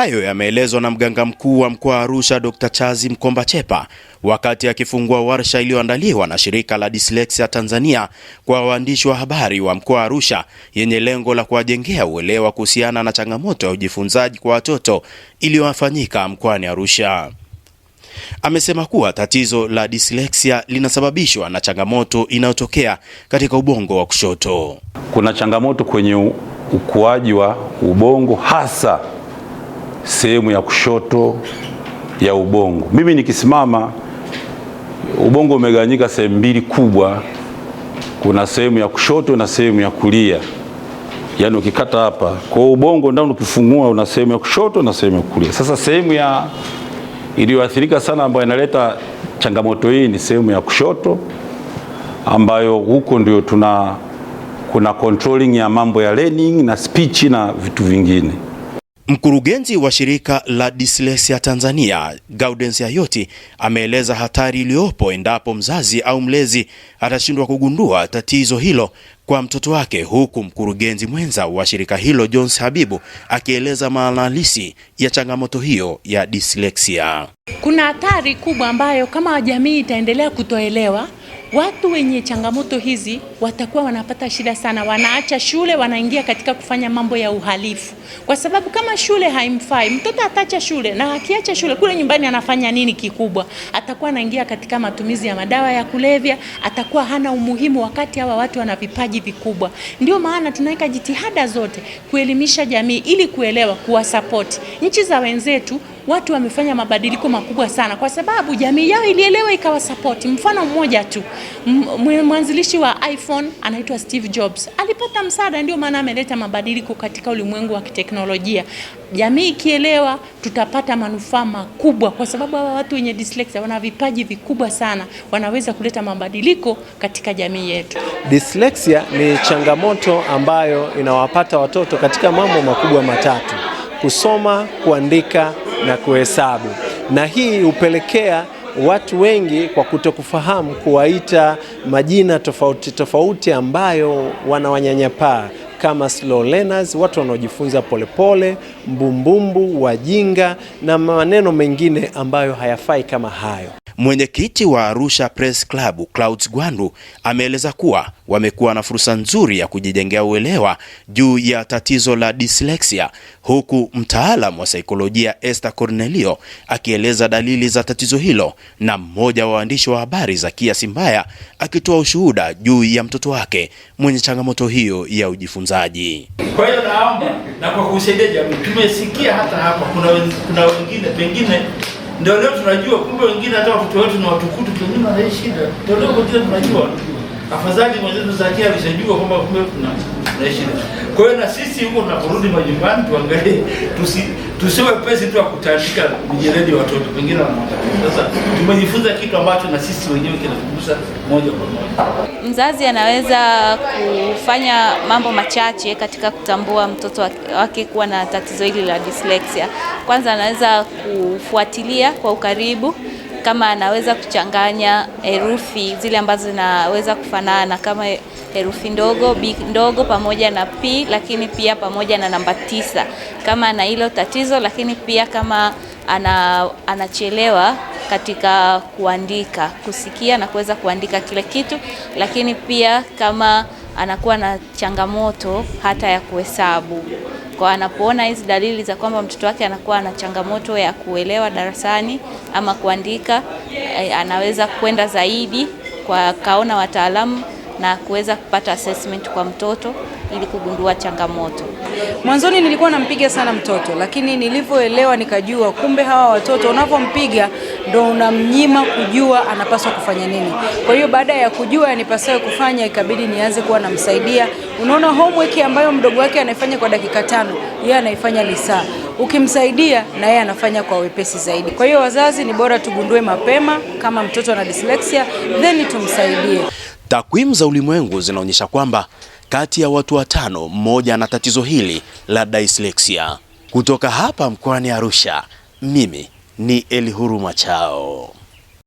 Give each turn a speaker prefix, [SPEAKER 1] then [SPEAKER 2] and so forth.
[SPEAKER 1] Hayo yameelezwa na mganga mkuu wa mkoa wa Arusha Dr. Chazi Mkomba Chepa wakati akifungua warsha iliyoandaliwa na shirika la Dyslexia Tanzania kwa waandishi wa habari wa mkoa wa Arusha yenye lengo la kuwajengea uelewa kuhusiana na changamoto ya ujifunzaji kwa watoto iliyofanyika mkoani Arusha. Amesema kuwa tatizo la dyslexia linasababishwa na changamoto inayotokea katika ubongo wa kushoto.
[SPEAKER 2] Kuna changamoto kwenye ukuaji wa ubongo hasa sehemu ya kushoto ya ubongo. Mimi nikisimama, ubongo umegawanyika sehemu mbili kubwa, kuna sehemu ya kushoto na sehemu ya kulia, yaani ukikata hapa kwa ubongo ndani, ukifungua una sehemu ya kushoto na sehemu ya kulia. Sasa sehemu ya iliyoathirika sana ambayo inaleta changamoto hii ni sehemu ya kushoto, ambayo huko ndio tuna kuna controlling ya mambo ya learning na speech na vitu vingine.
[SPEAKER 1] Mkurugenzi wa shirika la dislesia Tanzania, Gaudens Ayoti, ameeleza hatari iliyopo endapo mzazi au mlezi atashindwa kugundua tatizo hilo kwa mtoto wake, huku mkurugenzi mwenza wa shirika hilo Jones Habibu akieleza maana halisi ya changamoto hiyo ya dyslexia.
[SPEAKER 3] Kuna hatari kubwa ambayo kama jamii itaendelea kutoelewa Watu wenye changamoto hizi watakuwa wanapata shida sana, wanaacha shule, wanaingia katika kufanya mambo ya uhalifu, kwa sababu kama shule haimfai mtoto, ataacha shule, na akiacha shule kule nyumbani anafanya nini kikubwa? Atakuwa anaingia katika matumizi ya madawa ya kulevya, atakuwa hana umuhimu, wakati hawa watu wana vipaji vikubwa. Ndio maana tunaweka jitihada zote kuelimisha jamii ili kuelewa, kuwasapoti nchi za wenzetu watu wamefanya mabadiliko makubwa sana, kwa sababu jamii yao ilielewa support. Mfano mmoja tu, mwanzilishi wa iPhone anaitwa Steve Jobs alipata msaada, ndio maana ameleta mabadiliko katika ulimwengu wa kiteknolojia. Jamii ikielewa, tutapata manufaa makubwa, kwa sababu hawa watu wenye dyslexia wana vipaji vikubwa sana, wanaweza kuleta mabadiliko katika jamii yetu.
[SPEAKER 4] Dyslexia ni changamoto ambayo inawapata watoto katika mambo makubwa matatu: kusoma, kuandika na kuhesabu, na hii hupelekea watu wengi kwa kutokufahamu kuwaita majina tofauti tofauti ambayo wanawanyanyapaa kama slow learners, watu wanaojifunza polepole, mbumbumbu, wajinga na maneno mengine ambayo hayafai kama hayo.
[SPEAKER 1] Mwenyekiti wa Arusha Press Club Clouds Gwandu ameeleza kuwa wamekuwa na fursa nzuri ya kujijengea uelewa juu ya tatizo la dyslexia, huku mtaalamu wa saikolojia Esther Cornelio akieleza dalili za tatizo hilo na mmoja wa waandishi wa habari Zakia Simbaya akitoa ushuhuda juu ya mtoto wake mwenye changamoto hiyo ya ujifunzaji.
[SPEAKER 5] Kwa hiyo naomba na kwa kusaidia jamii, tumesikia hata hapa kuna, kuna wengine pengine ndio leo tunajua kumbe wengine hata watoto wetu ni watukutu kinyume na hii shida. Ndio leo tunajua. Afadhali mwenzetu Zakia alishajua kwamba kumbe kuna kwa hiyo na sisi huko tunaporudi majumbani tuangalie, tusi tusiwe pesi tu akutandika mijeledi watoto pengine wanamwangalia. Sasa tumejifunza kitu ambacho na sisi wenyewe kinatugusa moja kwa moja.
[SPEAKER 6] Mzazi anaweza kufanya mambo machache katika kutambua mtoto wake kuwa na tatizo hili la dyslexia. Kwanza anaweza kufuatilia kwa ukaribu kama anaweza kuchanganya herufi zile ambazo zinaweza kufanana kama herufi ndogo b ndogo pamoja na p, lakini pia pamoja na namba tisa, kama ana hilo tatizo, lakini pia kama ana, anachelewa katika kuandika, kusikia na kuweza kuandika kile kitu, lakini pia kama anakuwa na changamoto hata ya kuhesabu kwa anapoona hizi dalili za kwamba mtoto wake anakuwa ana changamoto ya kuelewa darasani ama kuandika, eh, anaweza kwenda zaidi kwa kaona wataalamu na kuweza kupata assessment kwa mtoto ili kugundua changamoto.
[SPEAKER 7] Mwanzoni nilikuwa nampiga sana mtoto, lakini nilivyoelewa nikajua kumbe hawa watoto unavyompiga ndo unamnyima kujua anapaswa kufanya nini. Kwa hiyo baada ya kujua anipasayo kufanya, ikabidi nianze kuwa namsaidia. Unaona, homework ambayo mdogo wake anaifanya kwa dakika tano, yeye anaifanya saa ukimsaidia na yeye anafanya kwa wepesi zaidi. Kwa hiyo wazazi, ni bora tugundue mapema kama mtoto ana dyslexia, then tumsaidie.
[SPEAKER 1] Takwimu za ulimwengu zinaonyesha kwamba kati ya watu watano mmoja ana tatizo hili la dyslexia. Kutoka hapa mkoani Arusha, mimi ni Elihuru Machao.